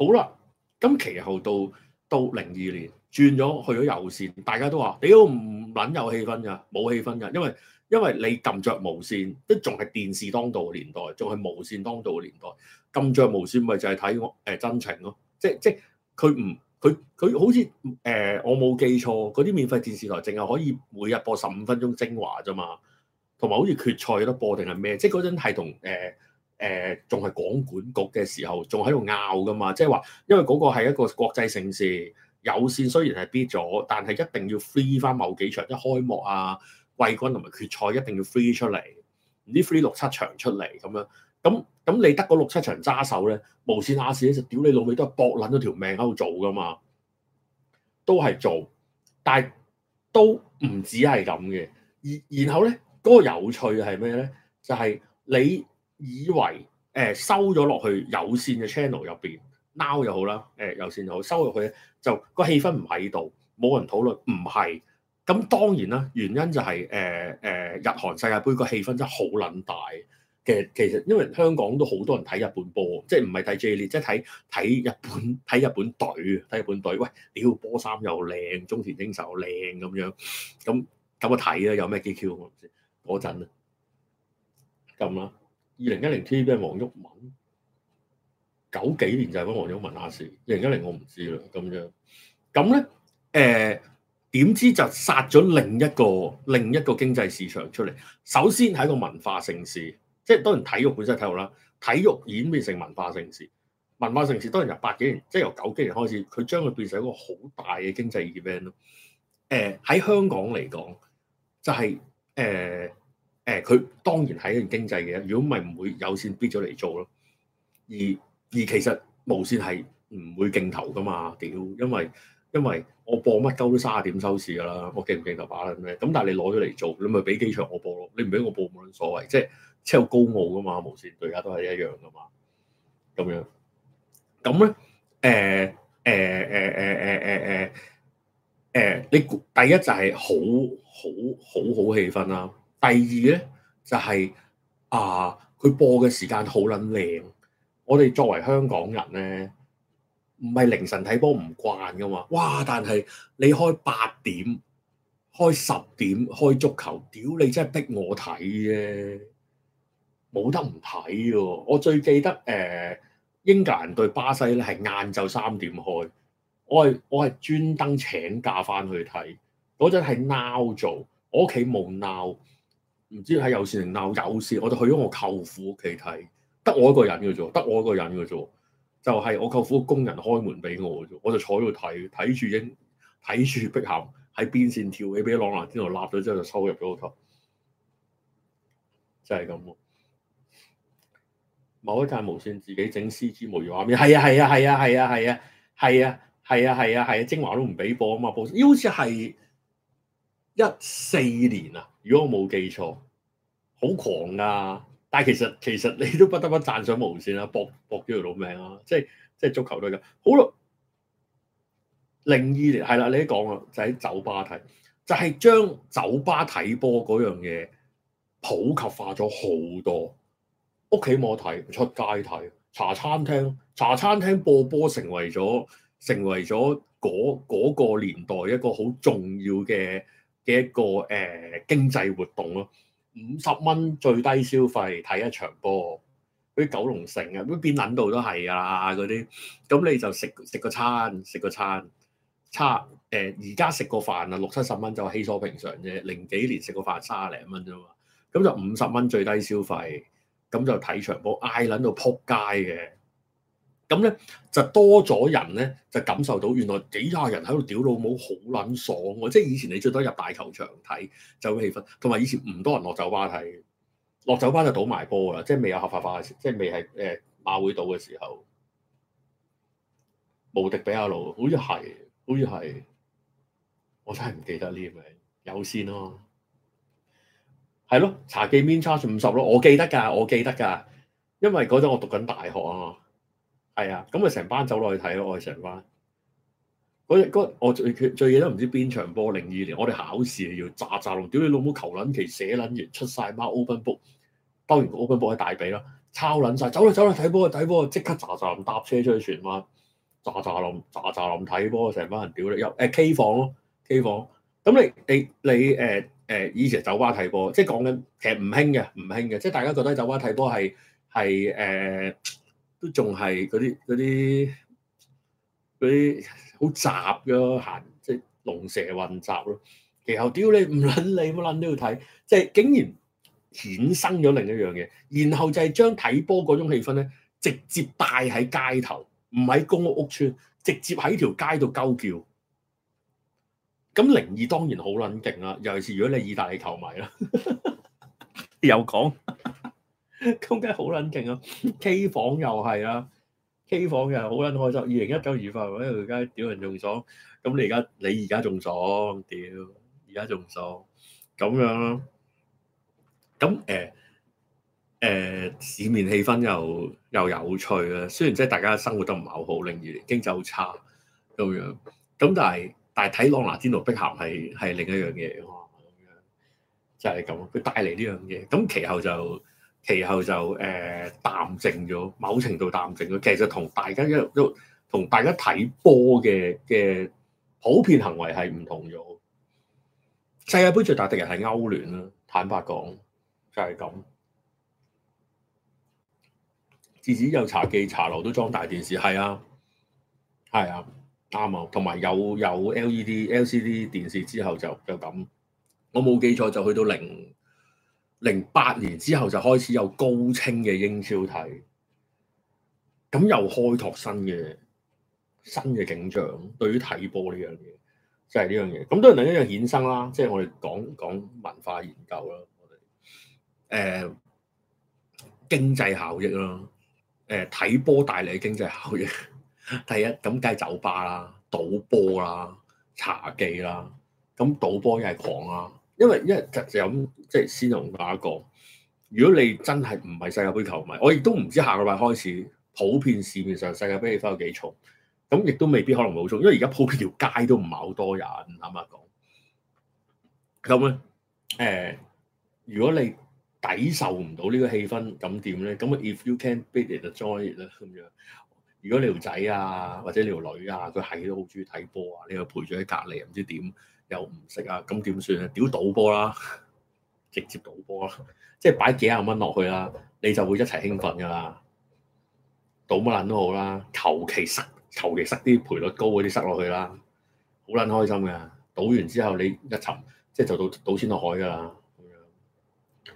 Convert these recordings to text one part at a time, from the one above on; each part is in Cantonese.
好啦，咁其後到到零二年轉咗去咗有線，大家都話你都唔撚有氣氛㗎，冇氣氛㗎，因為因為你撳着無線，都仲係電視當道嘅年代，仲係無線當道嘅年代，撳着無線咪就係睇我誒、呃、真情咯，即即佢唔佢佢好似誒、呃、我冇記錯，嗰啲免費電視台淨係可以每日播十五分鐘精華啫嘛，同埋好似決賽都播定係咩？即嗰陣係同誒。誒仲係廣管局嘅時候，仲喺度拗噶嘛？即係話，因為嗰個係一個國際盛事，有線雖然係 bit 咗，但係一定要 free 翻某幾場，一開幕啊、季軍同埋決賽一定要 free 出嚟，啲 free 六七場出嚟咁樣。咁咁你得嗰六七場揸手咧，無線亞視咧就屌你老味，都係搏撚咗條命喺度做噶嘛，都係做，但係都唔止係咁嘅。而然後咧，嗰、嗰個有趣係咩咧？就係、是、你。以為誒、呃、收咗落去有線嘅 channel 入邊 Now 又好啦，誒有線又好收入去就，就個氣氛唔喺度，冇人討論，唔係，咁當然啦，原因就係誒誒日韓世界盃個氣氛真係好撚大嘅，其實因為香港都好多人睇日本波，即係唔係睇 J 聯，即係睇睇日本睇日本隊睇日本隊，喂，屌波衫又靚，中田英壽又靚咁樣，咁咁我睇啦，有咩機 q 我唔知嗰陣啊，咁啦。二零一零 TVB 王玉文九幾年就係幫王玉文阿 Sir 二零一零我唔知啦咁樣，咁咧，誒、呃，點知就殺咗另一個另一個經濟市場出嚟。首先係一個文化盛事，即係當然體育本身體育啦，體育演變成文化盛事，文化盛事當然由八幾年，即係由九幾年開始，佢將佢變成一個好大嘅經濟 event 咯。誒、呃，喺香港嚟講，就係、是、誒。呃誒，佢當然係一件經濟嘅嘢。如果唔係唔會有線，逼咗嚟做咯。而而其實無線係唔會競投噶嘛，屌，因為因為我播乜鳩都卅點收視噶啦，我競唔競投把啦咁咧。咁但係你攞咗嚟做，你咪俾機場我播咯。你唔俾我播冇撚所謂，即係即係好高傲噶嘛，無線對家都係一樣噶嘛，咁樣咁咧誒誒誒誒誒誒誒你第一就係好好好，好好好好氣氛啦。第二咧就係、是、啊，佢播嘅時間好撚靚。我哋作為香港人咧，唔係凌晨睇波唔慣噶嘛。哇！但係你開八點、開十點開足球，屌你真係逼我睇啫，啊，冇得唔睇喎！我最記得誒、呃，英格蘭對巴西咧係晏晝三點開，我係我係專登請假翻去睇，嗰陣係 Now 做，我屋企冇 Now。唔知喺有線定鬧有線，我就去咗我舅父屋企睇，得我一個人嘅啫，得我一個人嘅啫，就係、是、我舅父個工人開門俾我，我就坐喺度睇，睇住英，睇住碧咸喺邊線跳起，俾朗拿天度立咗之後就收入咗個頭，就係咁咯。某一間無線自己整 C G 模擬畫面，係啊係啊係啊係啊係啊係啊係啊係啊係啊，精華都唔俾播啊嘛，好似係。一四年啊，如果我冇記錯，好狂啊。但係其實其實你都不得不讚賞無線啊，博博咗條老命啊。即係即係足球隊嘅。好啦，零二年係啦，你都講啦，就喺酒吧睇，就係將酒吧睇波嗰樣嘢普及化咗好多。屋企冇睇，出街睇茶餐廳，茶餐廳播波成為咗成為咗嗰嗰個年代一個好重要嘅。嘅一個誒、呃、經濟活動咯，五十蚊最低消費睇一場波，嗰啲九龍城啊，咁邊撚到都係啊，嗰啲咁你就食食個餐，食個餐，餐誒而家食個飯啊，六七十蚊就稀疏平常啫，零幾年食個飯三十零蚊啫嘛，咁就五十蚊最低消費，咁就睇場波，嗌撚到撲街嘅。咁咧就多咗人咧，就感受到原來幾廿人喺度屌老母好撚爽喎！即係以前你最多入大球場睇就氣氛，同埋以前唔多人落酒吧睇，落酒吧就賭埋波啦，即係未有合法化嘅時，即係未係誒馬會賭嘅時候。無敵比亞路，好似係，好似係，我真係唔記得呢樣。有線咯，係咯，茶記免 charge 五十咯，我記得㗎，我記得㗎，因為嗰陣我讀緊大學啊。係啊，咁咪成班走落去睇咯，我哋成班，嗰日，我最最記得唔知邊場波，零二年我哋考試要炸炸隆，屌你老母求撚期寫撚完出晒貓 open book，兜完 open book 喺大髀啦，抄撚晒。走啦走啦睇波睇波即刻炸炸林搭車出去荃灣，炸炸林炸炸林睇波，成班人屌你入誒 K 房咯 K 房，咁你你你誒誒以前酒吧睇波，即係講緊其實唔興嘅唔興嘅，即係大家覺得酒吧睇波係係誒。都仲係嗰啲啲啲好雜嘅行，即係龍蛇混雜咯。其後屌你唔撚你乜撚都要睇，即係竟然衍生咗另一樣嘢，然後就係將睇波嗰種氣氛咧，直接帶喺街頭，唔喺公屋屋村，直接喺條街度鳩叫。咁靈異當然好撚勁啦，尤其是如果你係意大利球迷啦，又講。 咁梗係好撚勁啊，k 房又係啦，K 房又係好捻開心。二零一九二八，我咧而家屌人仲爽，咁你而家你而家仲爽，屌而家仲爽，咁樣咯。咁誒誒，市面氣氛又又有趣啦。雖然即係大家生活得唔係好好，令住經濟好差咁樣，咁但係但係睇朗拿天奴碧咸係係另一樣嘢咁樣，就係咁，佢帶嚟呢樣嘢，咁其後就。其後就誒、呃、淡靜咗，某程度淡靜咗。其實同大家一路都同大家睇波嘅嘅普遍行為係唔同咗。世界盃最大敵人係歐聯啦，坦白講就係、是、咁。自此有茶記茶樓都裝大電視，係啊，係啊，啱啊。同埋有有，有 LED LCD 電視之後就就咁。我冇記錯就去到零零八年之後就開始有高清嘅英超睇，咁又開拓新嘅新嘅景象。對於睇波呢樣嘢，就係呢樣嘢。咁都係另一樣衍生啦，即係我哋講講文化研究啦。我哋誒、呃，經濟效益啦。誒、呃，睇波帶嚟嘅經濟效益，第一咁梗係酒吧啦、賭波啦、茶記啦。咁賭波又係狂啦。因為因為就是、就咁即係先同大家講。如果你真係唔係世界盃球迷，我亦都唔知下個禮拜開始普遍市面上世界盃氣氛有幾重，咁亦都未必可能冇重。因為而家普遍條街都唔係好多人，坦白講。咁咧誒，如果你抵受唔到呢個氣氛，咁點咧？咁啊，if you can't beat it，join it 啦，咁樣。如果你條仔啊，或者你條女啊，佢係都好中意睇波啊，你又陪住喺隔離，唔知點？又唔識啊？咁點算啊？屌賭波啦，直接賭波啦，即係擺幾廿蚊落去啦，你就會一齊興奮噶啦。賭乜撚都好啦，求其塞，求其塞啲賠率高嗰啲塞落去啦，好撚開心嘅。賭完之後你一沉，即係就賭賭錢落海噶啦。咁樣，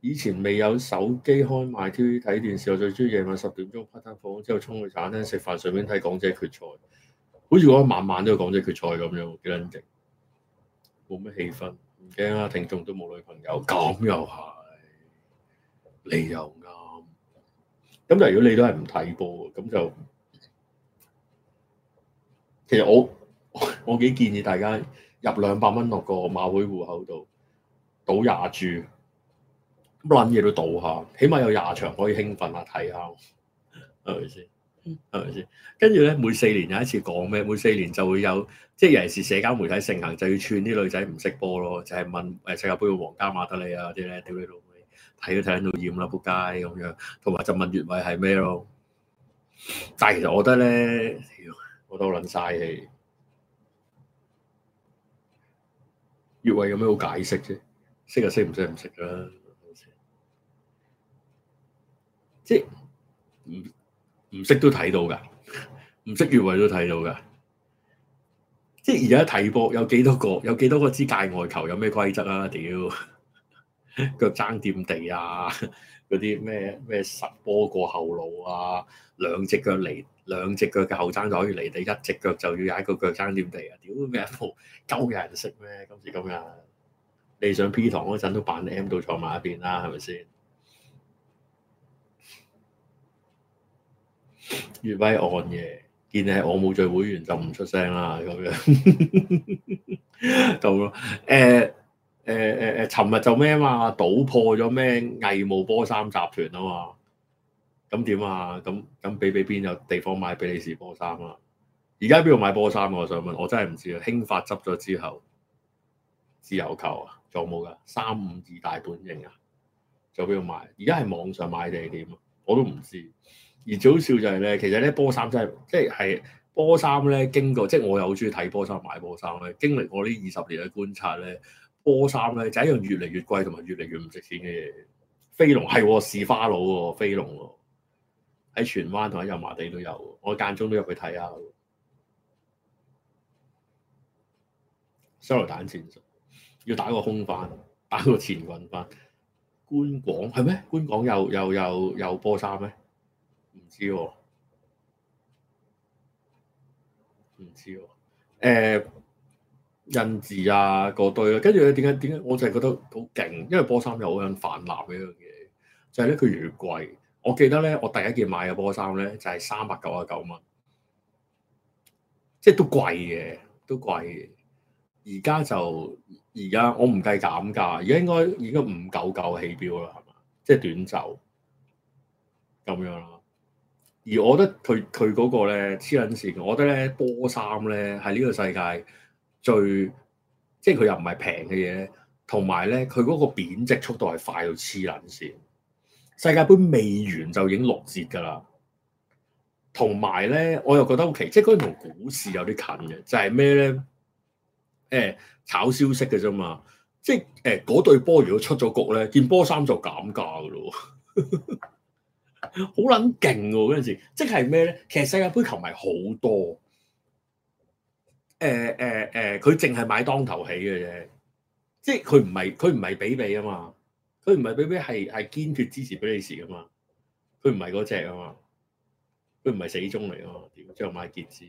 以前未有手機開賣 TV 睇電視，我最中意夜晚十點鐘關燈房，之後衝去餐廳食飯，上邊睇港姐決賽，好似我晚晚都有港姐決賽咁樣幾撚勁。冇咩氣氛，唔驚啊！聽眾都冇女朋友，咁又係，你又啱。咁但係如果你都係唔睇波，咁就其實我我幾建議大家入兩百蚊落個馬會戶口度，賭廿注，咁撚嘢都賭下，起碼有廿場可以興奮下睇下，係咪先？係咪先？跟住咧，每四年有一次講咩？每四年就會有。即係尤其是社交媒體盛行，就要串啲女仔唔識波咯，就係問誒世界盃嘅皇家馬德里啊啲咧，屌你老味，睇都睇到厭啦，仆街咁樣，同埋就問越位係咩咯？但係其實我覺得咧，我都攣晒氣，越位有咩好解釋啫？識啊，識唔識唔識啦，即係唔唔識都睇到噶，唔識越位都睇到噶。即而家提博有幾多個？有幾多個知界外球有咩規則啊？屌腳踭掂地啊！嗰啲咩咩實波過後路啊？兩隻腳離兩隻腳嘅後踭就可以離地，一隻腳就要踩一個腳踭掂地啊！屌咩鋪鳩嘅人識咩？今時今日你上 P 堂嗰陣都扮 M 到坐埋一邊啦、啊，係咪先？越位按嘢！係我冇聚會員就唔出聲啦，咁樣哈哈、欸欸欸、就咯。誒誒誒誒，尋日就咩啊嘛？倒破咗咩偽冒波衫集團啊嘛？咁點啊？咁咁俾俾邊有地方買比利時波衫啊？而家喺邊度買波衫、啊、我想問，我真係唔知啊。興發執咗之後，自由球啊，仲有冇㗎三五二大本營啊，仲邊度買？而家係網上買定點？我都唔知。而最好笑就係咧，其實咧波衫真係即係波衫咧，經過即係、就係、我又好中意睇波衫，買波衫咧。經歷過呢二十年嘅觀察咧，波衫咧就係、一樣越嚟越貴同埋越嚟越唔值錢嘅嘢。飛龍係是士花佬喎，飛龍喎喺荃灣同喺油麻地都有，我間中都入去睇下。s o 收雷彈戰術要打個空翻，打個前滾翻。官港係咩？官港有有有有波衫咩？唔知喎、啊，唔知喎、啊，印字啊嗰堆跟住咧點解點解？我就係覺得好勁，因為波衫又好撚泛濫嘅一樣嘢，就係咧佢越貴。我記得咧，我第一件買嘅波衫咧就係三百九啊九蚊，即係都貴嘅，都貴嘅。而家就而家我唔計減價，而家應該已經五九九起標啦，係嘛？即係短袖咁樣咯。而我覺得佢佢嗰個咧黐撚線，我覺得咧波衫咧係呢個世界最，即係佢又唔係平嘅嘢，同埋咧佢嗰個貶值速度係快到黐撚線。世界盃未完就已經六折㗎啦，同埋咧我又覺得好奇，即係嗰同股市有啲近嘅，就係咩咧？誒，炒消息嘅啫嘛，即係誒嗰對波如果出咗局咧，件波衫就減價㗎咯。呵呵好撚勁喎！嗰陣時，即係咩咧？其實世界盃球迷好多，誒誒誒，佢淨係買當頭起嘅啫，即係佢唔係佢唔係比比啊嘛，佢唔係比比係係堅決支持比利時噶嘛，佢唔係嗰隻啊嘛，佢唔係死忠嚟啊嘛！最後買件事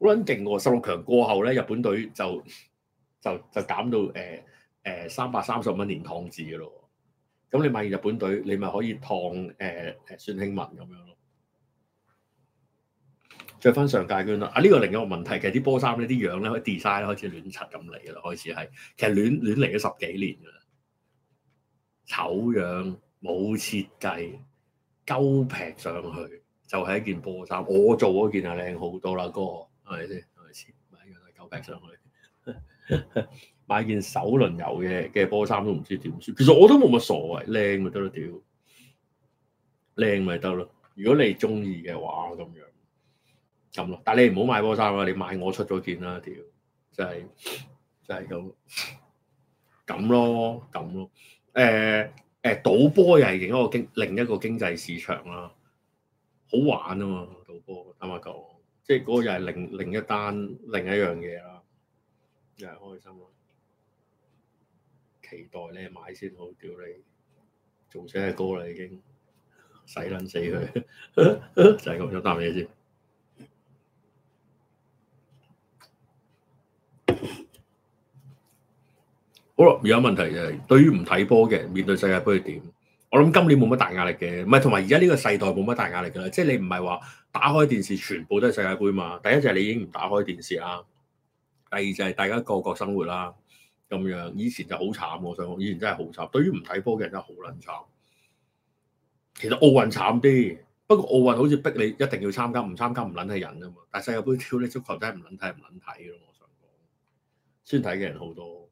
好撚勁喎！十六強過後咧，日本隊就就就減到誒誒三百三十蚊年湯字嘅咯。咁你買日本隊，你咪可以燙誒誒孫興文咁樣咯，著翻上屆嘅啦。啊，呢個另一個問題，其實啲波衫呢啲樣咧，可以 design 開始亂七咁嚟嘅啦，開始係其實亂亂嚟咗十幾年嘅啦，醜樣冇設計，勾劈上去就係一件波衫。我做嗰件係靚好多啦，哥係咪先？係咪先？唔係一樣勾劈上去。 買件首輪油嘅嘅波衫都唔知點算。其實我都冇乜所謂，靚咪得咯。屌靚咪得咯。如果你中意嘅話，咁樣咁咯。但係你唔好買波衫啊！你買我出咗件啦。屌就係、是、就係咁咁咯，咁咯。誒誒，賭波又係另一個經另一個經濟市場啦，好玩啊嘛。賭波啱唔啱？即係嗰個又係另另一單另一樣嘢啦，又係開心咯、啊。期待咧買先好，屌你做死嘅哥啦，已經洗捻死佢， 就係咁樣答你先。好啦，而家問題就係、是、對於唔睇波嘅，面對世界杯點？我諗今年冇乜大壓力嘅，唔係同埋而家呢個世代冇乜大壓力嘅，即、就、係、是、你唔係話打開電視全部都係世界杯嘛？第一就係你已經唔打開電視啦，第二就係大家個個生活啦。咁樣以前就好慘，我想講，以前真係好慘。對於唔睇波嘅人真係好撚慘。其實奧運慘啲，不過奧運好似逼你一定要參加，唔參加唔撚係人啊嘛。但係世界盃超呢，足球真係唔撚睇，唔撚睇咯。我想講，先睇嘅人好多。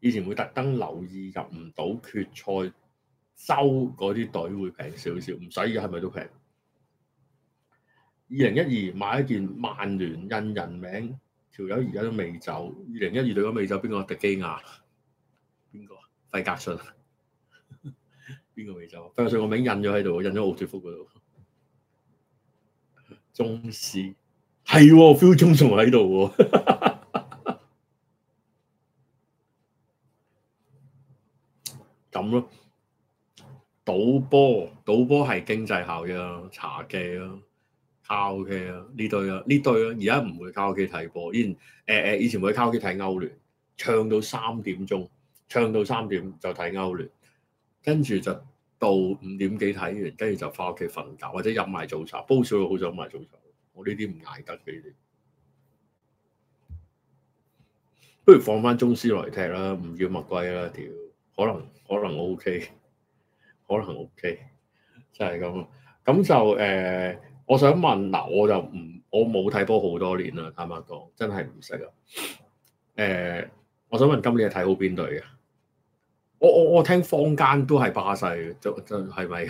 以前會特登留意入唔到決賽收嗰啲隊會平少少，唔使嘢係咪都平？二零一二買一件曼聯印人名。條友而家都未走，二零一二隊都未走，邊個迪基亞？邊個、啊？費格遜？邊個未走？費格遜個名印咗喺度，印咗奧脫福嗰度。宗師係 feel 宗仲喺度喎，咁咯、哦。 賭波賭波係經濟效應咯，茶記咯。靠屋企啊！呢對啊，呢對啊。而家唔會靠屋企睇波，以前誒誒、呃，以前會靠屋企睇歐聯，唱到三點鐘，唱到三點就睇歐聯，跟住就到五點幾睇完，跟住就翻屋企瞓覺或者飲埋早茶。煲水好想飲埋早茶，我呢啲唔挨得嘅呢啲，不如放翻中斯落嚟踢啦，唔要墨圭啦，屌，可能可能 OK，可能 OK，就係咁，咁就誒。呃我想問，嗱、啊，我就唔，我冇睇波好多年啦，坦白講，真係唔識啊。誒，我想問今年係睇好邊隊嘅？我我我聽坊間都係巴西就就係咪？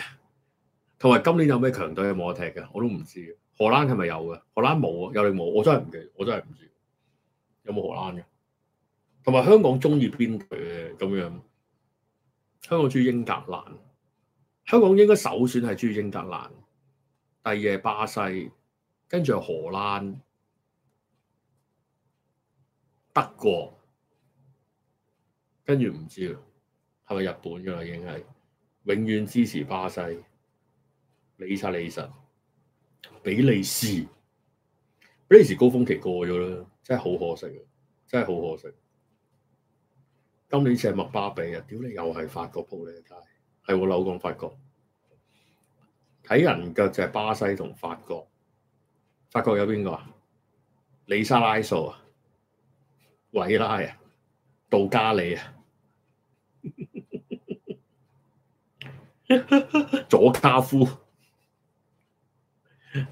同埋今年有咩強隊有冇得踢嘅？我都唔知。荷蘭係咪有嘅？荷蘭冇啊，有你冇？我真係唔記得，我真係唔知。有冇荷蘭嘅？同埋香港中意邊隊嘅咁樣？香港中意英格蘭。香港應該首選係中意英格蘭。第二係巴西，跟住係荷蘭、德國，跟住唔知啦，係咪日本噶啦？已經係永遠支持巴西，理查理神，比利時，比利時高峰期過咗啦，真係好可惜，真係好可惜。今年似係麥巴比啊，屌你又係法國鋪你但係係我扭工法國。睇人腳就係巴西同法國，法國有邊個啊？李沙拉素啊，韋拉啊，杜加里啊， 佐卡夫。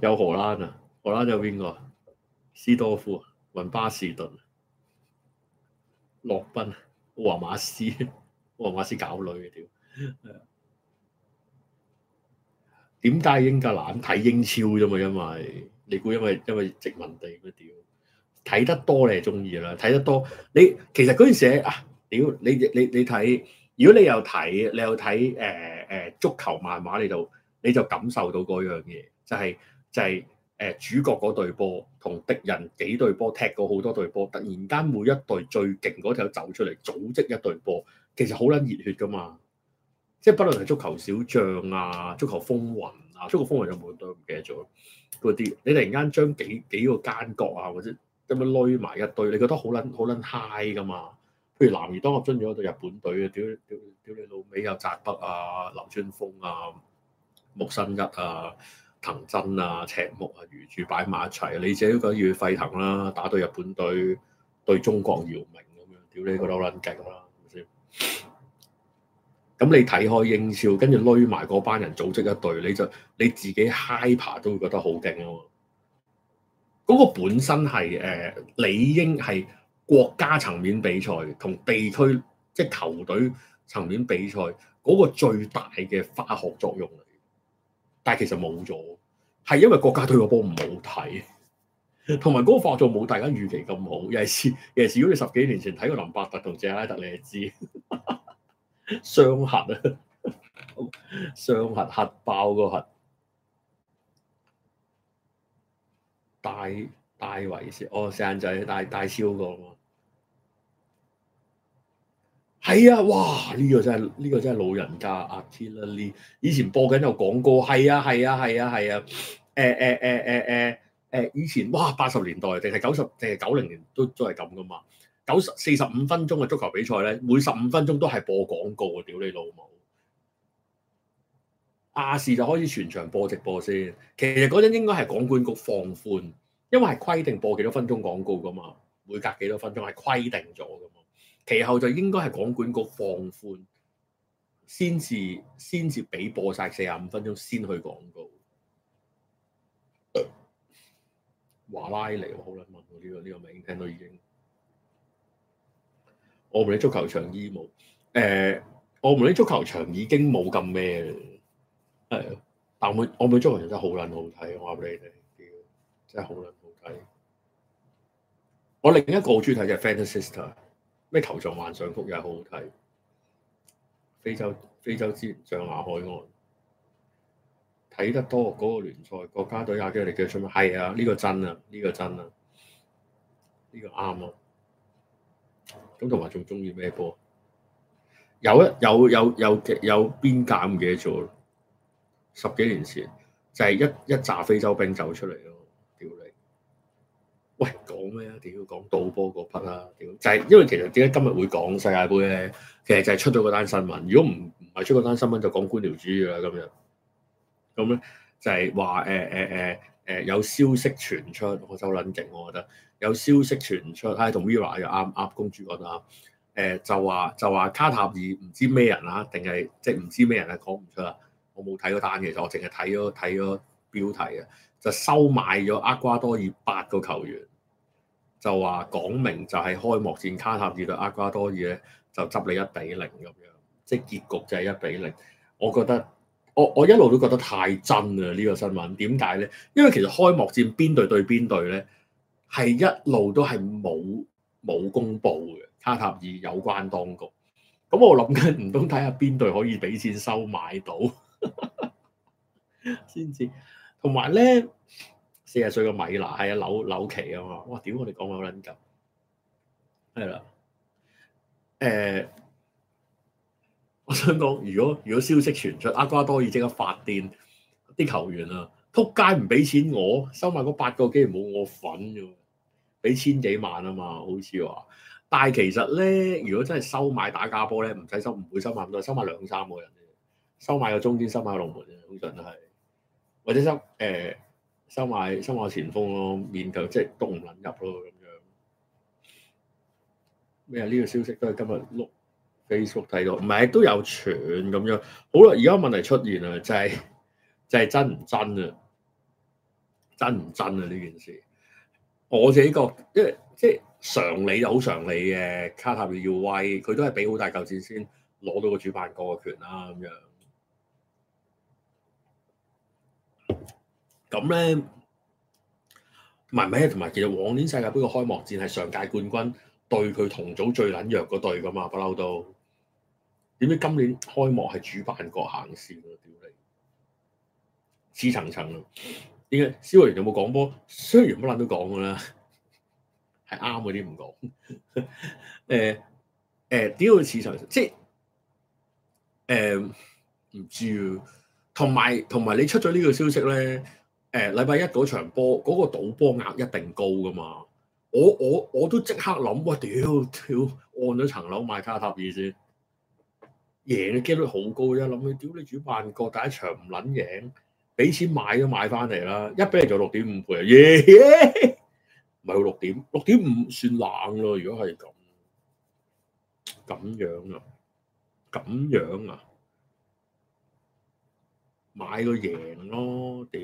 有荷蘭啊，荷蘭有邊個？斯多夫啊，雲巴士頓啊，洛賓啊，奧華馬斯，奧華馬斯搞女屌。點解英格蘭睇英超啫嘛？因為你估因為因為殖民地咩屌？睇得多你係鍾意啦，睇得多你其實嗰陣時啊屌！你你你睇，如果你又睇你又睇誒誒足球漫畫，你就你就感受到嗰樣嘢，就係就係誒主角嗰隊波同敵人幾隊波踢過好多隊波，突然間每一隊最勁嗰條走出嚟組織一隊波，其實好撚熱血㗎嘛～即係不論係足球小將啊、足球風雲啊、足球風雲有冇都唔記得咗嗰啲，你突然間將幾幾個間角啊，或者咁樣攏埋一堆，你覺得好撚好撚 high 噶嘛？譬如南越當合樽咗對日本隊啊，屌屌屌你老味有、啊、澤北啊、流川楓啊、木新一啊、藤真啊、赤木啊，魚住擺埋一齊，你自己都覺得要沸騰啦，打對日本隊對中國姚明咁樣，屌你個老撚勁啦，係咪先？咁你睇開英超，跟住累埋嗰班人組織一隊，你就你自己嗨爬都會覺得好勁㗎嘛。嗰個本身係誒、呃、理應係國家層面比賽同地區即係球隊層面比賽嗰、嗰個最大嘅化學作用嚟，但係其實冇咗，係因為國家隊個波唔好睇，同埋嗰個化學作用冇大家預期咁好。尤其是尤其是如果你十幾年前睇過林柏特同謝拉特，你就知。雙核啊，雙核核爆個核，大大維少哦，細眼仔大大超過，係啊，哇！呢、這個真係呢、這個真係老人家阿 Chillie，、啊、以前播緊有講過，係啊係啊係啊係啊，誒誒誒誒誒誒，以前哇八十年代定係九十定係九零年都都係咁㗎嘛。九十四十五分鐘嘅足球比賽咧，每十五分鐘都係播廣告，屌你老母！亞視就開始全場播直播先。其實嗰陣應該係廣管局放寬，因為係規定播幾多分鐘廣告㗎嘛，每隔幾多分鐘係規定咗㗎嘛。其後就應該係廣管局放寬，先至先至俾播晒四十五分鐘先去廣告。華拉尼，我好撚問呢個呢個名聽到已經。我唔理足球場已冇，誒、呃，我唔理足球場已經冇咁咩啦，誒的，但係我，我唔理足球場真係好撚好睇，我話俾你哋，屌，真係好撚好睇。我另一個好中意睇就 Fantasy，咩球場幻想曲又係好好睇，非洲非洲之象牙海岸，睇得多嗰、那個聯賽國、那個、家隊也驚你叫出咩？係啊，呢、這個真啊，呢、這個真啊，呢、這個啱啊。咁同埋仲中意咩波？有咧，有有有嘅，有邊間嘅做唔記得咗？十幾年前就係、是、一一紮非洲兵走出嚟咯，屌你！喂，講咩啊？屌，講賭波嗰匹啦，屌！就係、是、因為其實點解今日會講世界盃咧？其實就係出咗嗰單新聞。如果唔唔係出嗰單新聞，就講官僚主義啦。今日咁咧就係話，誒誒誒誒，有消息傳出，我走撚勁，我覺得。有消息傳出，係同 Viva 又啱啱公主覺得啊，誒、呃、就話就話卡塔爾唔知咩人啊，定係即係唔知咩人啊？講唔出啊。我冇睇嗰單，其實，我淨係睇咗睇咗標題啊，就收買咗厄瓜多爾八個球員，就話講明就係開幕戰卡塔爾對厄瓜多爾咧，就執你一比零咁樣，即係結局就係一比零。我覺得我我一路都覺得太真啦呢個新聞，點解咧？因為其實開幕戰邊隊對邊隊咧？係一路都係冇冇公布嘅卡塔爾有關當局，咁我諗緊唔通睇下邊隊可以俾錢收買到先至？同埋咧四十歲嘅米娜係啊柳柳奇啊嘛，哇！屌我哋講到好緊急，係啦，誒，我想講如果如果消息傳出阿瓜多爾即刻發電啲球員啊，撲街唔俾錢我收買嗰八個竟然冇我份啫俾千幾萬啊嘛，好似話，但係其實咧，如果真係收買打假波咧，唔使收，唔會收買咁多，收買兩三個人，收買個中堅，收買個龍門嘅，通常都係或者收誒、欸，收買收買前鋒咯，勉強即係攻唔入咯咁樣。咩啊？呢、這個消息都係今日碌 Facebook 睇到，唔係都有傳咁樣。好啦、啊，而家問題出現啦，就係、是、就係、是、真唔真啊？真唔真啊？呢件事？我自己覺得因為，即係即係常理就好常理嘅，卡塔爾要威，佢都係俾好大嚿錢先攞到個主辦國嘅權啦、啊、咁樣。咁咧，唔係咩？同埋其實往年世界盃嘅開幕戰係上屆冠軍對佢同組最撚弱嗰隊噶嘛，不嬲都點解今年開幕係主辦國行先啊？屌你？似層層咯，點解銷售員有冇講波？雖然乜撚都講噶啦，係啱嗰啲唔講。誒誒，屌佢似層層？即係誒唔知同埋同埋，你出咗呢個消息咧？誒、呃，禮拜一嗰場波，嗰、嗰個賭波額一定高噶嘛。我我我都即刻諗，我屌屌，按咗層樓買卡塔爾先，贏嘅機率好高啫。諗佢屌你主辦國第一場唔撚贏。俾錢買都買翻嚟啦！一俾就六點五倍，耶、yeah, yeah！唔係六點六點五，算冷咯。如果係咁咁樣啊，咁樣啊，買個贏咯，屌！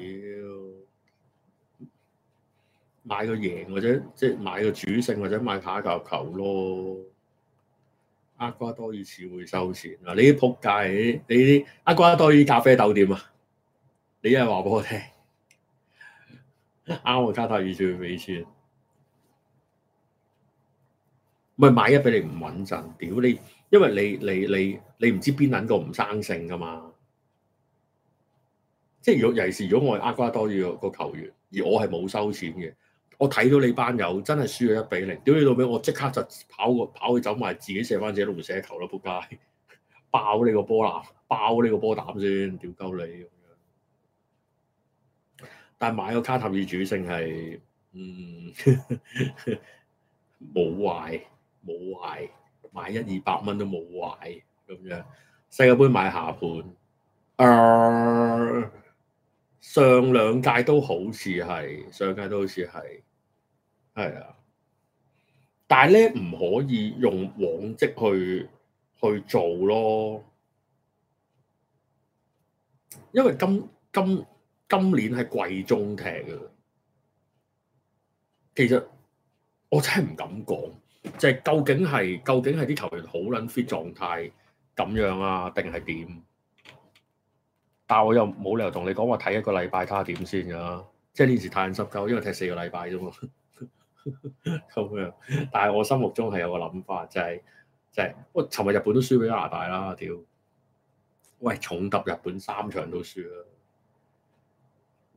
買個贏或者即係買個主勝或者買下球球咯。厄瓜多爾次會收錢啊！你啲仆街，你啲厄瓜多爾咖啡豆點啊？你一係話俾我聽，啱、啊、我卡太二，就要俾錢。唔係買一俾你唔穩陣，屌你，因為你你你你唔知邊捻個唔生性噶嘛。即係如果尤其是如果我係厄瓜多爾個球員，而我係冇收錢嘅，我睇到你班友真係輸咗一比零，屌你老味，我即刻就跑個跑去走埋，自己射翻自己都唔射球啦，撲街，爆你個波啦，爆你個波膽先，屌鳩你。但買個卡塔爾主勝係，嗯，冇壞冇壞，買一二百蚊都冇壞咁樣。世界盃買下盤，誒、呃，上兩屆都好似係，上屆都好似係，係啊。但係咧，唔可以用往績去去做咯，因為今今。今年係季中踢嘅，其實我真係唔敢講，就係、是、究竟係究竟係啲球員好撚 fit 狀態咁樣啊，定係點？但係我又冇理由同你講話睇一個禮拜睇下點先㗎，即係呢時太緊濕鳩，因為踢四個禮拜啫嘛。咁樣，但係我心目中係有個諗法，就係、是、就係、是、我尋日日本都輸俾加拿大啦，屌、啊！喂，重揼日本三場都輸啦～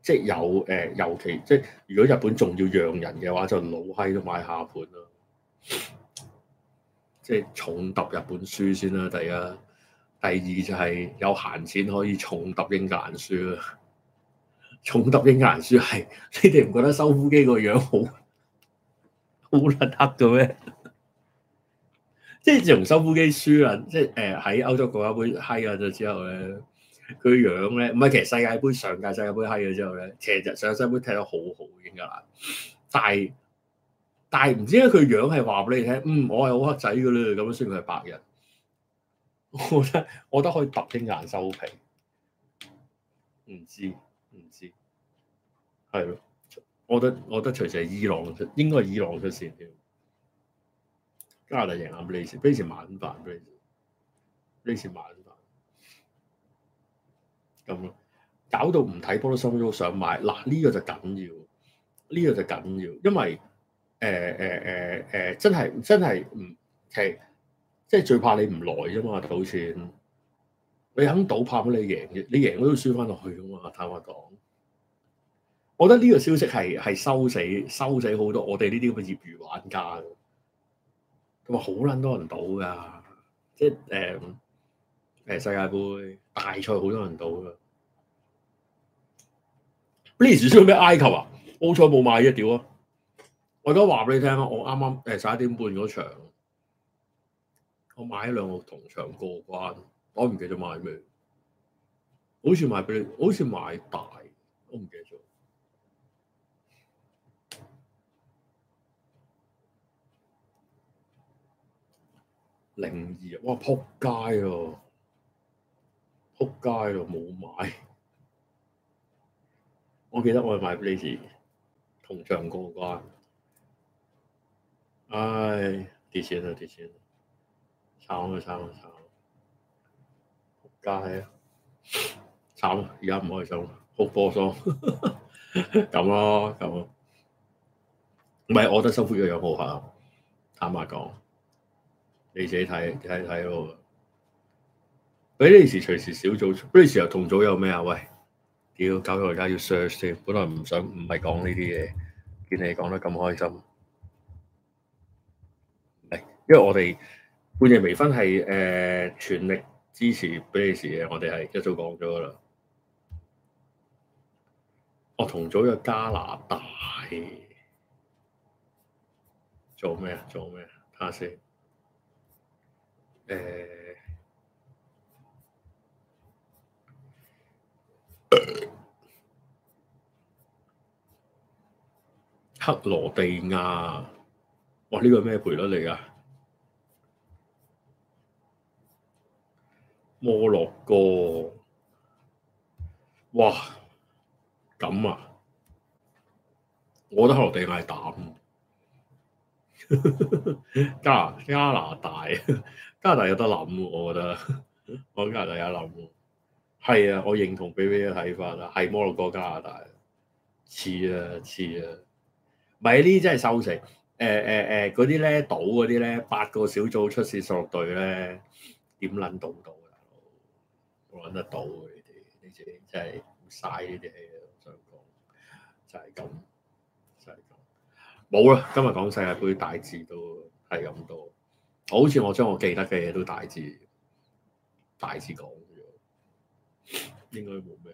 即係有誒、呃，尤其即係如果日本仲要讓人嘅話，就老閪都買下盤啦。即係重揼日本輸先啦、啊，第一；第二就係有閒錢可以重揼英格蘭輸啦。重揼英格蘭輸係，你哋唔覺得修夫基個樣好，好邋遢嘅咩？即係從修夫基輸啊！即係誒喺歐洲嗰一本，嗨下咗之後咧。佢樣咧，唔係其實世界盃，上屆世界盃閪咗之後咧，其實上世界盃踢得好好英格蘭，但係但係唔知解，佢樣係話俾你聽，嗯，我係好黑仔噶啦，咁樣雖然佢係白人，我覺得我覺得可以突出顏收皮，唔知唔知，係咯？我覺得我覺得隨時係伊朗出，應該係伊朗出線添。加拿大贏阿比利時，比利時晚飯，比利時晚。咁搞到唔睇波都心都想買嗱，呢個就緊要，呢個就緊要，因為誒誒誒誒真係真係唔係，即係最怕你唔來啫嘛，賭錢，你肯賭怕畀你贏嘅，你贏都輸翻落去噶嘛，坦白講，我覺得呢個消息係係收死收死好多我哋呢啲咁嘅業餘玩家，咁同好撚多人賭噶，即係誒誒世界盃大賽好多人賭噶。呢時需要咩埃及啊？好彩冇買啫，屌啊！我而家話俾你聽啊，我啱啱誒十一點半嗰場，我買咗兩個同場過關，我唔記得買咩，好似買俾你，好似買大，我唔記得咗零二，02, 哇撲街啊！撲街咯，冇買。我記得我去買比利時同場過關，唉跌錢啊，跌錢，慘啊慘啊慘！撲街啊！慘！而家唔開心，波呵呵啊啊、好波喪咁咯咁咯。唔係我覺得收翻咗有好下，坦白講，你自己睇睇睇咯。喂，比利時隨時小組，比利時又同組有咩啊？喂！要搞到而家要 search 先，本來唔想唔係講呢啲嘢，見你講得咁開心。嚟，因為我哋半夜微醺係誒全力支持比利時嘅，我哋係一早講咗噶啦。我同組有加拿大做咩啊？做咩？睇下先。誒。克羅地亞，哇！呢個咩賠率嚟噶？摩洛哥，哇！咁啊，我覺得克羅地亞係膽 加拿，加拿大加拿大有得諗，我覺得我加拿大有諗。係啊，我認同 B B 嘅睇法啦。係摩洛哥加拿大，似啊，似啊！唔係呢啲真係收成，誒誒誒，嗰啲咧賭嗰啲咧，八個小組出線十六隊咧，點捻賭到啊？大佬，我捻得到你哋，呢啲真係嘥呢啲嘢。我想講就係咁，就係咁，冇啦。今日講世界杯，大致都係咁多。好似我將我記得嘅嘢都大致大致講咗，應該冇咩。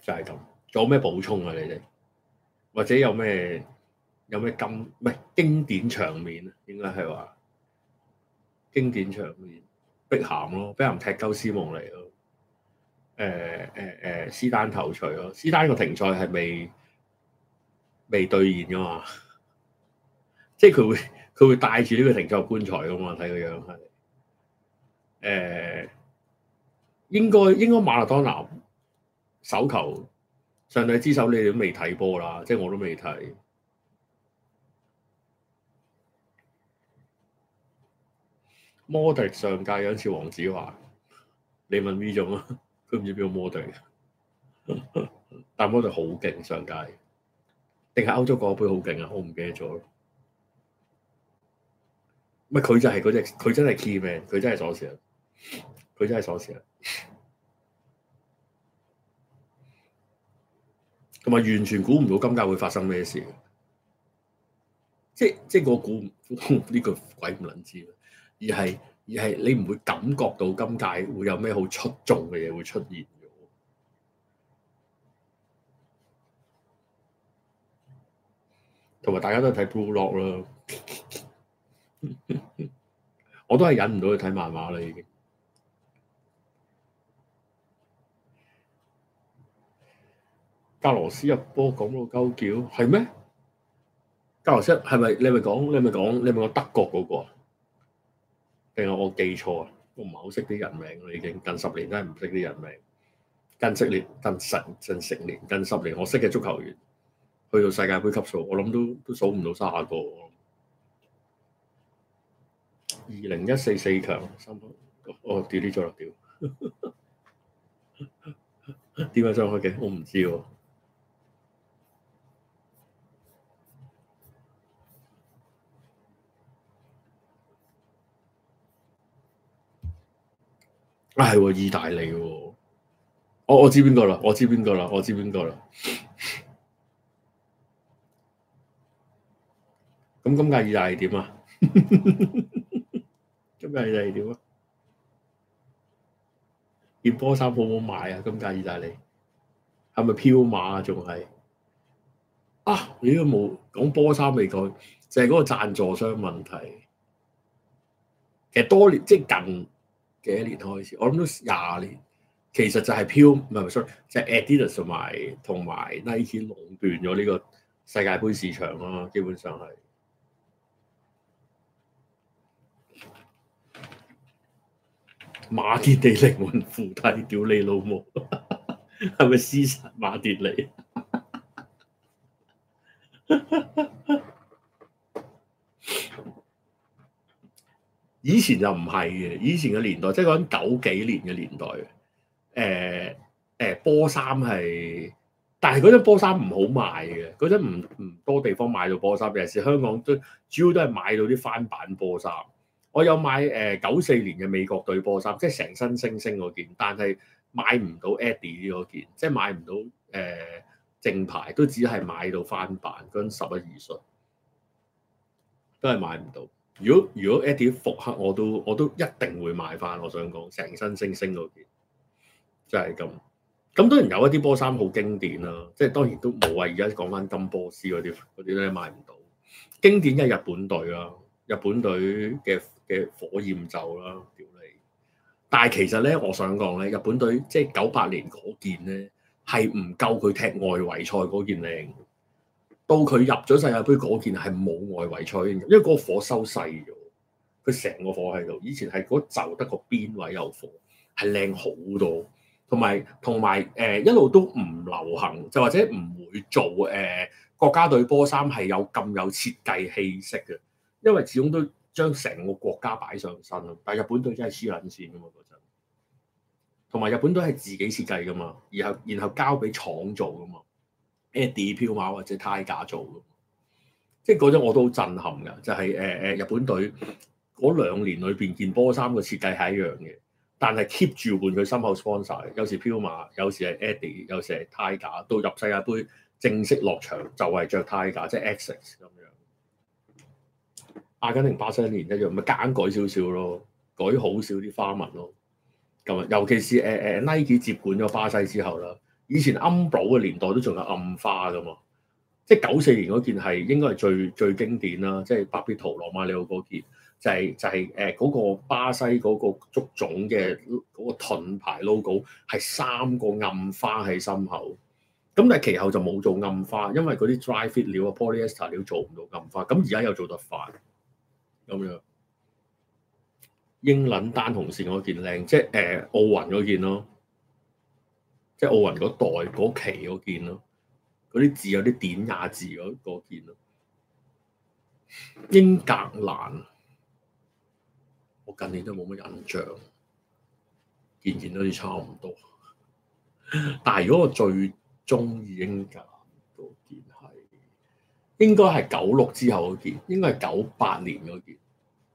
就係咁，仲有咩補充啊？你哋？或者有咩有咩咁，唔係經典場面啊？應該係話經典場面，碧咸咯，俾人踢鳩斯蒙嚟咯。誒誒誒，斯丹頭槌咯，斯丹個停賽係未未兌現噶嘛？即係佢會佢會帶住呢個停賽嘅棺材噶嘛？睇個樣係誒、呃，應該應該馬勒當拿手球。上帝之手，你哋都未睇波啦，即係我都未睇。摩迪上屆有一次黃子華，你問 V 總啦，佢唔知邊個摩迪但摩迪好勁上屆，定係歐洲國家杯好勁啊！我唔記得咗咯。係佢就係嗰隻，佢真係 key man，佢真係鎖匙，佢真係鎖匙。同埋完全估唔到今屆會發生咩事的，即即我估呢、這個鬼唔撚知，而係而係你唔會感覺到今屆會有咩好出眾嘅嘢會出現嘅，同埋大家都睇 Blue Lock 啦， 我都係忍唔到去睇漫畫啦已經。格羅斯入波講到鳩叫係咩？格羅斯係咪你係咪講你係咪講你係咪講德國嗰個？定係我記錯？我唔係好識啲人名啦，我已經近十年都係唔識啲人名。近十年近成近成年近十年我識嘅足球員，去到世界盃級數，我諗都都數唔到卅個。二零一四四強，差唔多。哦，掉啲咗啦，屌。點解張開嘅？我唔知。啊，係、哎、意大利喎，啊！我我知邊個啦，我知邊個啦，我知邊個啦。咁今屆意大利點啊？今 屆意大利點啊？件波衫好唔好買啊？今屆意大利係咪飄馬啊？仲係啊？你都冇講波衫未改，就係、是、嗰個贊助商問題。其實多年即係近。幾年開始，我諗都廿年，其實就係飄，唔係，sorry，就 Adidas 同埋同埋 Nike 壟斷咗呢個世界盃市場啦，啊，基本上係馬鐵地靈魂附體，屌你老母，係咪獵殺馬鐵地？以前就唔係嘅，以前嘅年代即係嗰陣九幾年嘅年代，誒、欸、誒、欸、波衫係，但係嗰陣波衫唔好賣嘅，嗰陣唔唔多地方買到波衫，尤其是香港都主要都係買到啲翻版波衫。我有買誒九四年嘅美國隊波衫，即係成身星星嗰件，但係買唔到 Eddie 嗰件，即、就、係、是、買唔到誒、欸、正牌，都只係買到翻版，嗰陣十一二歲都係買唔到。如果如果 Adidas 復刻我都我都一定會買翻，我想講成身星星嗰件，真係咁。咁當然有一啲波衫好經典啦，即係當然都冇啊。而家講翻金波斯嗰啲嗰啲咧，買唔到，經典嘅日本隊啦，日本隊嘅嘅火焰袖啦，屌你！但係其實咧，我想講咧，日本隊即係九八年嗰件咧，係唔夠佢踢外圍賽嗰件靚。到佢入咗世界盃嗰件係冇外圍賽，因為嗰個火收細咗，佢成個火喺度。以前係嗰就得個邊位有火，係靚好多。同埋同埋誒一路都唔流行，就或者唔會做誒、呃、國家隊波衫係有咁有設計氣息嘅，因為始終都將成個國家擺上身咯。但係日本隊真係黐撚線嘅嘛嗰陣，同埋日本隊係自己設計嘅嘛，然後然後交俾廠做嘅嘛。Adi、彪馬或者泰雅做，即係嗰陣我都好震撼㗎，就係誒誒日本隊嗰兩年裏邊件波衫嘅設計係一樣嘅，但係 keep 住換佢心口 sponsor，有時彪馬，有時係 Adi，有時係泰雅，到入世界盃正式落場就係、是、着泰雅，即係 Access 咁樣。阿根廷巴西一年一樣，咪間改少少咯，改好少啲花紋咯。咁啊，尤其是誒誒、呃、Nike 接管咗巴西之後啦。以前 Umbro 嘅年代都仲有暗花噶嘛，即係九四年嗰件係應該係最最經典啦，即係百必圖羅馬里奧嗰件，就係就係誒嗰個巴西嗰個足總嘅嗰個盾牌 logo 係三個暗花喺心口，咁但係其後就冇做暗花，因為嗰啲 dry fit 料啊、polyester 料做唔到暗花，咁而家又做得快，咁樣英倫單紅線嗰件靚，即係誒奧運嗰件咯。即係奧運嗰代嗰期嗰件咯，嗰啲字有啲典雅字嗰件咯。英格蘭，我近年都冇乜印象，件件都好似差唔多。但係如果我最中意英格蘭嗰件係，應該係九六之後嗰件，應該係九八年嗰件，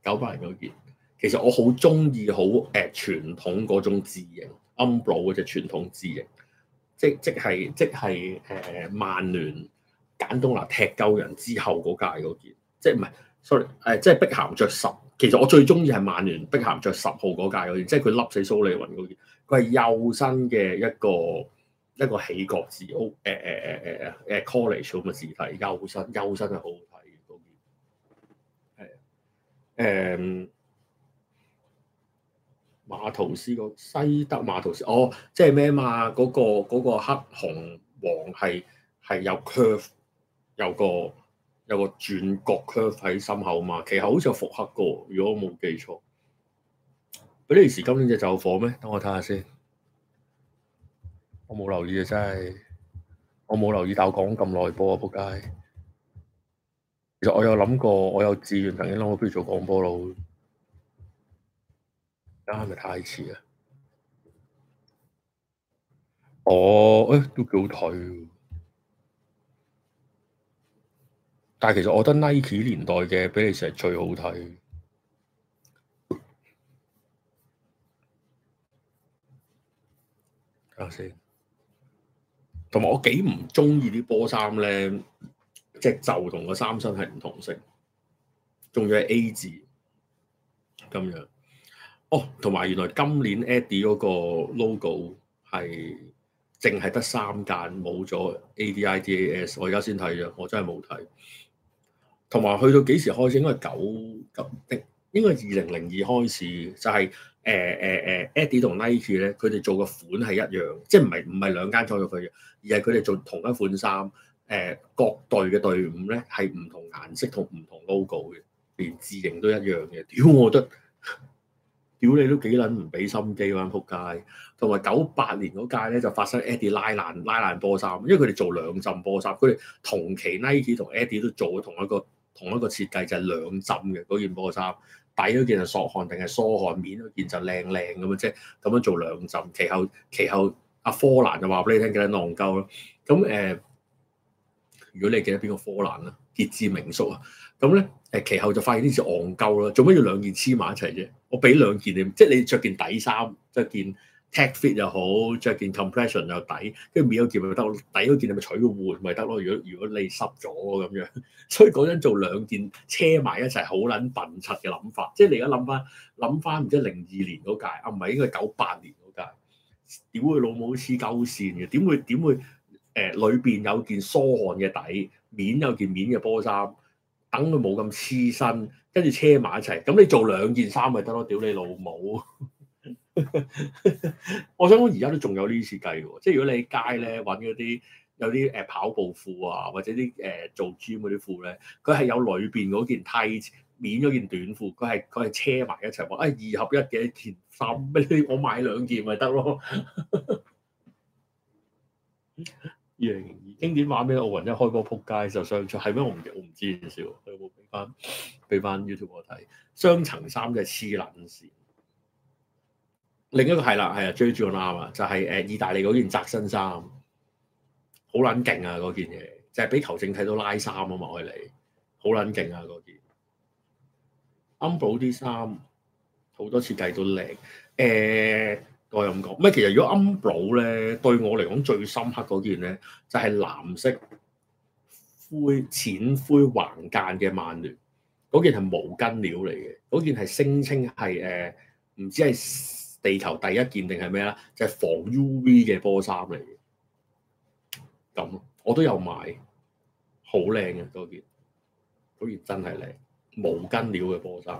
九八年嗰件。其實我好中意好誒傳統嗰種字型。Umbro 嗰隻傳統字型，即即係即係誒曼聯簡東拿踢鳩人之後嗰屆嗰件，即唔係，sorry 誒，即係碧咸著十，其實我最中意係曼聯碧咸著十號嗰屆嗰件，即係佢笠死蘇利雲嗰件，佢係幼身嘅一個一個起角字屋誒誒誒誒誒 college 咁嘅字體，幼身幼身係好好睇嘅嗰件，係、嗯、啊，誒。馬圖斯個西德馬圖斯哦，即係咩嘛？嗰個嗰個黑紅黃係係有 curve，有個有個轉角 curve 喺心口嘛。其實好似有復刻個，如果我冇記錯。比利時今年隻就有火咩？等我睇下先。我冇留意啊！真係，我冇留意。但我講咁耐波啊，仆街。其實我有諗過，我有志願曾經諗過，想不如做廣播佬。係咪太遲啊！哦、oh，誒都幾好睇，但係其實我覺得 Nike 年代嘅比利時係最好睇。等下先。同埋我幾唔中意啲波衫咧，即係袖同個衫身係唔同色，仲要係 A 字咁樣。哦，同埋原來今年 Adi 嗰個 logo 係淨係得三間冇咗 Adidas，我而家先睇咗，我真係冇睇。同埋去到幾時開始？應該係九九的，應該係二零零二開始。就係誒誒誒，Adi 同 Nike 咧，佢哋做個款係一樣，即係唔係唔係兩間採用佢，而係佢哋做同一款衫。誒，各隊嘅隊伍咧係唔同顏色同唔同 logo 嘅，連字型都一樣嘅。屌，我覺得。屌你都幾撚唔俾心機玩班撲街，同埋九八年嗰屆咧就發生 Adi 拉爛拉爛波衫，因為佢哋做兩浸波衫，佢哋同期 Nike 同 Adi 都做同一個同一個設計，就係、是、兩浸嘅嗰件波衫，底嗰件就索汗定係梳汗，面嗰件就靚靚咁樣，即係咁樣做兩浸。其後其後阿科蘭就話俾你聽幾撚浪鳩咯，咁誒、呃，如果你記得邊個科蘭啊？傑志名宿啊？咁咧，誒，其後就發現呢次戇鳩咯，做乜要兩件黐埋一齊啫？我俾兩件你，即係你着件底衫，着件 tech fit 又好，着件 compression 又好，跟住面嗰件咪得咯，底嗰件你咪取個換咪得咯。如果如果你濕咗咁樣，所以嗰陣做兩件車埋一齊好撚笨柒嘅諗法，即係你而家諗翻諗翻，唔知零二年嗰屆啊，唔係應該九八年嗰屆，屌佢老母黐鳩線嘅，點會點會誒？裏、呃、邊有件疏汗嘅底，面有件面嘅波衫。等佢冇咁黐身，跟住車埋一齊。咁你做兩件衫咪得咯？屌你老母！ 我想講而家都仲有呢啲設計喎。即係如果你喺街咧揾嗰啲有啲誒跑步褲啊，或者啲誒、呃、做 gym 嗰啲褲咧，佢係有裏邊嗰件替免嗰件短褲，佢係佢係車埋一齊話，誒、哎、二合一嘅一件衫，你我買兩件咪得咯二零。 經典話咩？奧運一開波撲街就上出，係咩？我唔我唔知件事佢有冇俾翻俾翻 YouTube 睇？雙層衫嘅黐撚線，另一個係啦，係啊，啊追住 z z 啊嘛，就係、是、誒意大利嗰件窄身衫，好撚勁啊！嗰件嘢就係、是、俾球證睇到拉衫啊嘛，我嚟，好撚勁啊！嗰件 Umbro 啲衫好多設計都靚，誒、欸。我又咁講，咩？其實如果 Umbro 咧，對我嚟講最深刻嗰件咧，就係藍色灰淺灰橫間嘅曼聯嗰件係毛巾料嚟嘅，嗰件係聲稱係誒唔知係地球第一件定係咩啦，就係防 UV 嘅波衫嚟嘅。咁，我都有買，好靚嘅嗰件，嗰件真係靚毛巾料嘅波衫。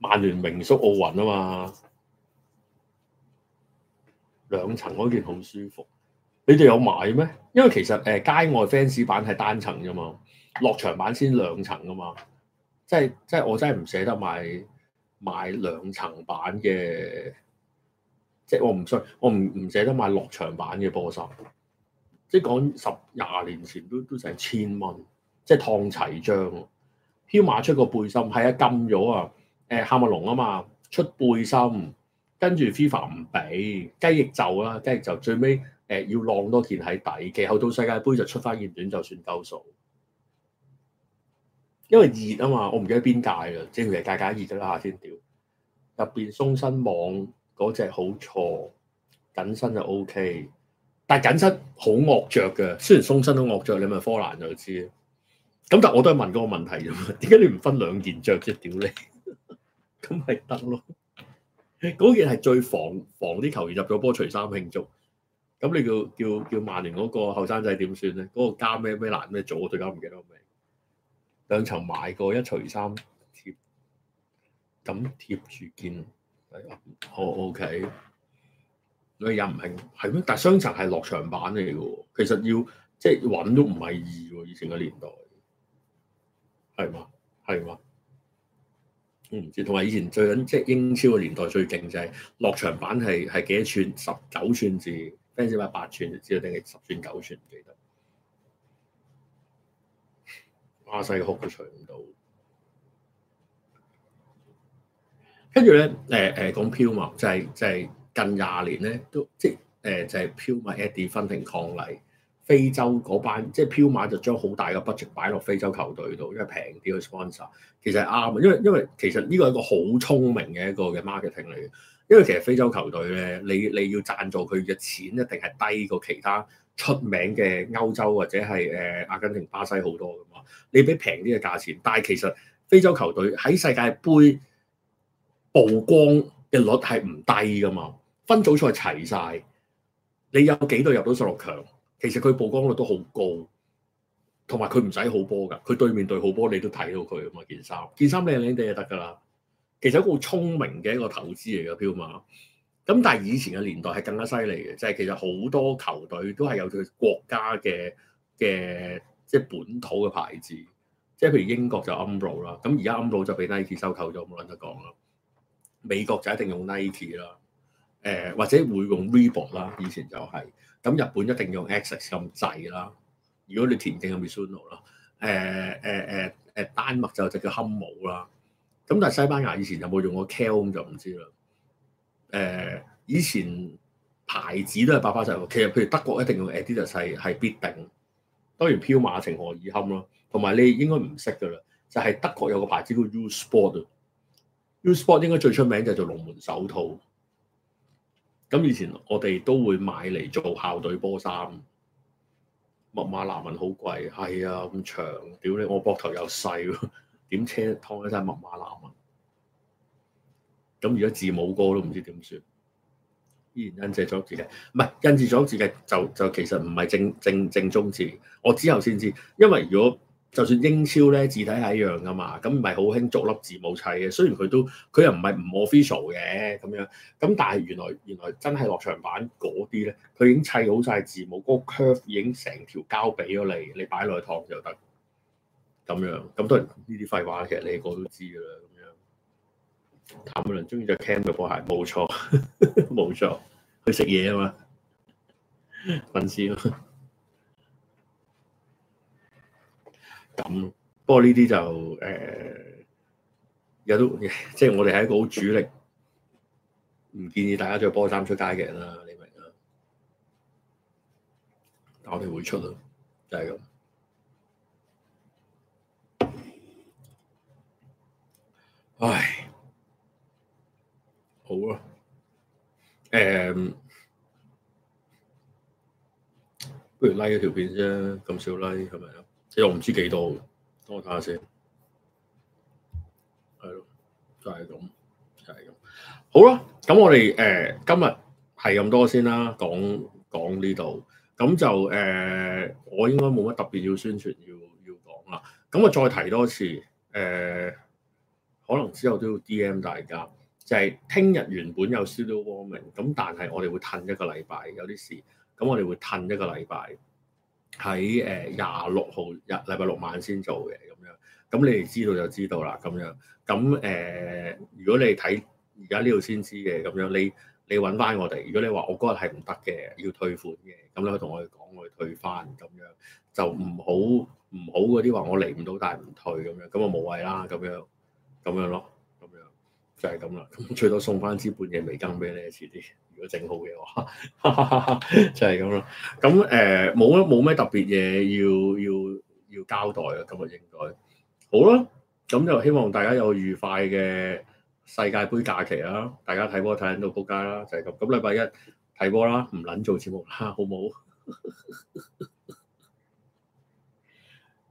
曼聯名宿奧運啊嘛，兩層嗰件好舒服。你哋有買咩？因為其實誒、呃、街外 fans 版係單層啫嘛，落場版先兩層噶嘛。即係即係我真係唔捨得買買兩層版嘅，即係我唔信我唔唔捨得買落場版嘅波衫。即係講十廿年前都都成千蚊，即係燙齊張。彪馬出個背心，係啊，禁咗啊。誒夏目龍啊嘛，出背心，跟住 FIFA 唔俾雞翼袖啦、啊，雞翼就最尾誒、呃、要晾多件喺底，其後到世界盃就出翻件短就算夠數，因為熱啊嘛，我唔記得邊屆啦，即係介介熱啫，夏天屌，入邊鬆身網嗰隻好錯，緊身就 O K，但係緊身好惡着嘅，雖然鬆身都惡着，你咪科蘭就知，咁但係我都係問嗰個問題啫嘛，點解你唔分兩件著啫？屌你！咁咪得咯？嗰件係最防防啲球員入咗波除衫慶祝。咁你叫叫叫曼聯嗰個後生仔點算咧？嗰、嗰個加咩咩欄咩組，我最緊唔記得個名。兩層買過一除衫貼，咁貼住肩。好的、哦、OK，你又唔慶？係咩？但雙層係落場版嚟嘅，其實要即係揾都唔係易喎。以前嘅年代，係嘛？係嘛？唔知，同埋、嗯、以前最緊即英超嘅年代最勁就係、是、落場版係係幾多寸？十九寸字，fans 話八寸，知道定係十寸九寸？唔記得。亞細學嘅長度，跟住咧，誒誒、呃、講 Puma 嘛、就是，就係、是呃、就係近廿年咧都即誒就係 Puma 埋 Adi 分庭抗禮。非洲嗰班即係漂馬就將好大嘅 budget 擺落非洲球隊度，因為平啲嘅 sponsor 其實係啱啊，因為因為其實呢個係一個好聰明嘅一個嘅 marketing 嚟嘅，因為其實非洲球隊咧，你你要贊助佢嘅錢一定係低過其他出名嘅歐洲或者係誒阿根廷、巴西好多噶嘛，你俾平啲嘅價錢，但係其實非洲球隊喺世界盃曝光嘅率係唔低噶嘛，分組賽齊晒，你有幾隊入到十六強？其實佢曝光率都好高，同埋佢唔使好波㗎，佢對面對好波你都睇到佢㗎嘛！件衫，件衫靚靚地就得㗎啦。其實一個好聰明嘅一個投資嚟嘅票嘛。咁但係以前嘅年代係更加犀利嘅，就係、是、其實好多球隊都係有佢國家嘅嘅即係本土嘅牌子，即係譬如英國就 umbro 啦。咁而家 umbro 就俾 Nike 收購咗，冇撚得講啦。美國就一定用 Nike 啦。誒、呃、或者會用 Reebok 啦，以前就係、是、咁。日本一定要用 Asics 咁滯啦。如果你田徑用 Mizuno 啦，誒誒誒誒，丹麥就就叫 Hummel 啦。咁但係西班牙以前有冇用過 Kelme 咁就唔知啦。誒、呃、以前牌子都係百花齊放，其實譬如德國一定用 Adidas 係係必定，當然彪馬情何以堪咯。同埋你應該唔識㗎啦，就係、是、德國有個牌子叫 Uhlsport，Uhlsport 應該最出名就做龍門手套。咁以前我哋都會買嚟做校隊波衫，密碼難文好貴，係啊咁長，屌你！我膊頭又細，點車燙一晒密碼難文？咁而家字母哥都唔知點算？依然印字咗字記，唔係印字咗字記，就就其實唔係正正正宗字，我之後先知，因為如果。就算英超咧字體係一樣噶嘛，咁唔係好興逐粒字母砌嘅。雖然佢都佢又唔係唔 official 嘅咁樣，咁但係原來原來真係落場版嗰啲咧，佢已經砌好晒字母，嗰個 curve 已經成條膠俾咗你，你擺落去趟就得。咁樣咁都係呢啲廢話，其實你個都知噶啦。咁樣，譚本倫中意著 Cam 嘅波鞋，冇錯冇錯，去食嘢啊嘛，粉絲。咁，不過呢啲就誒，有、呃、都即係、就是、我哋係一個好主力，唔建議大家着波衫出街嘅人啦、啊，你明啊？但我哋會出咯，就係、是、咁。唉，好啊，誒、呃，不如 like 咗條片啫，咁少 like 係咪啊？即係我唔知幾多嘅，等我睇下先。係咯，就係、是、咁，就係、是、咁。好啦，咁我哋誒、呃、今日係咁多先啦，講講呢度。咁就誒、呃，我應該冇乜特別要宣傳要要講啦。咁我再提多次，誒、呃，可能之後都要 DM 大家。就係聽日原本有 studio warming，咁但係我哋會褪一個禮拜，有啲事。咁我哋會褪一個禮拜。喺誒廿六號日禮拜六晚先做嘅咁樣，咁你哋知道就知道啦咁樣。咁誒、呃，如果你睇而家呢度先知嘅咁樣，你你揾翻我哋。如果你話我嗰日係唔得嘅，要退款嘅，咁你可以同我哋講，我哋退翻咁樣，就唔好唔好嗰啲話我嚟唔到，但係唔退咁樣，咁就冇謂啦咁樣，咁樣咯。就係咁啦，咁最多送翻支半夜微醺俾你，遲啲如果整好嘅話， 就係咁啦。咁、嗯、誒，冇乜冇咩特別嘢要要要交代啊。咁啊，應該好啦。咁就希望大家有愉快嘅世界盃假期啦。大家睇波睇緊到仆街啦，就係、是、咁。咁禮拜一睇波啦，唔撚做節目啦，好冇？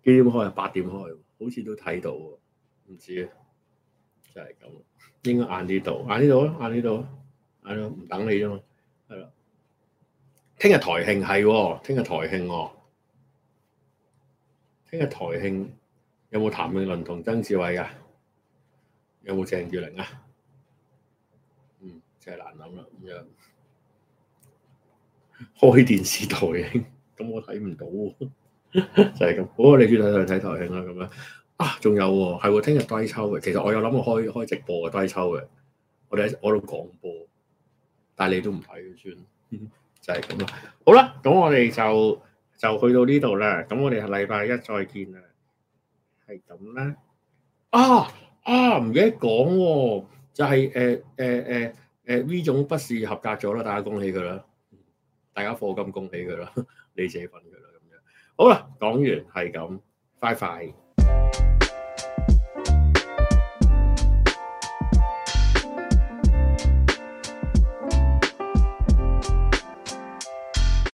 幾點開啊？八點開，好似都睇到喎，唔知啊，就係、是、咁。應該晏啲到，晏啲到咯，晏啲到咯，晏到唔等你啫嘛，係啦。聽日台慶係喎，聽日台慶喎、哦，聽日台慶有冇譚詠麟同曾志偉啊？有冇鄭裕玲啊？嗯，真係難諗啦，咁樣開電視台慶，咁我睇唔到喎、啊，就係、是、咁。 好，你去睇睇台慶啦，咁樣。啊，仲有喎，啊，係喎，聽日低抽嘅，其實我有諗過開開直播嘅低抽嘅，我哋喺我度廣播，但係你都唔睇嘅，算，就係咁啦。好啦，咁我哋就就去到呢度啦，咁我哋係禮拜一再見啦，係咁啦。啊啊，唔記得講，就係誒誒誒誒，V 總筆試合格咗啦，大家恭喜佢啦，大家課金恭喜佢啦，你自己瞓佢啦，咁樣。好啦，講完係咁，拜拜。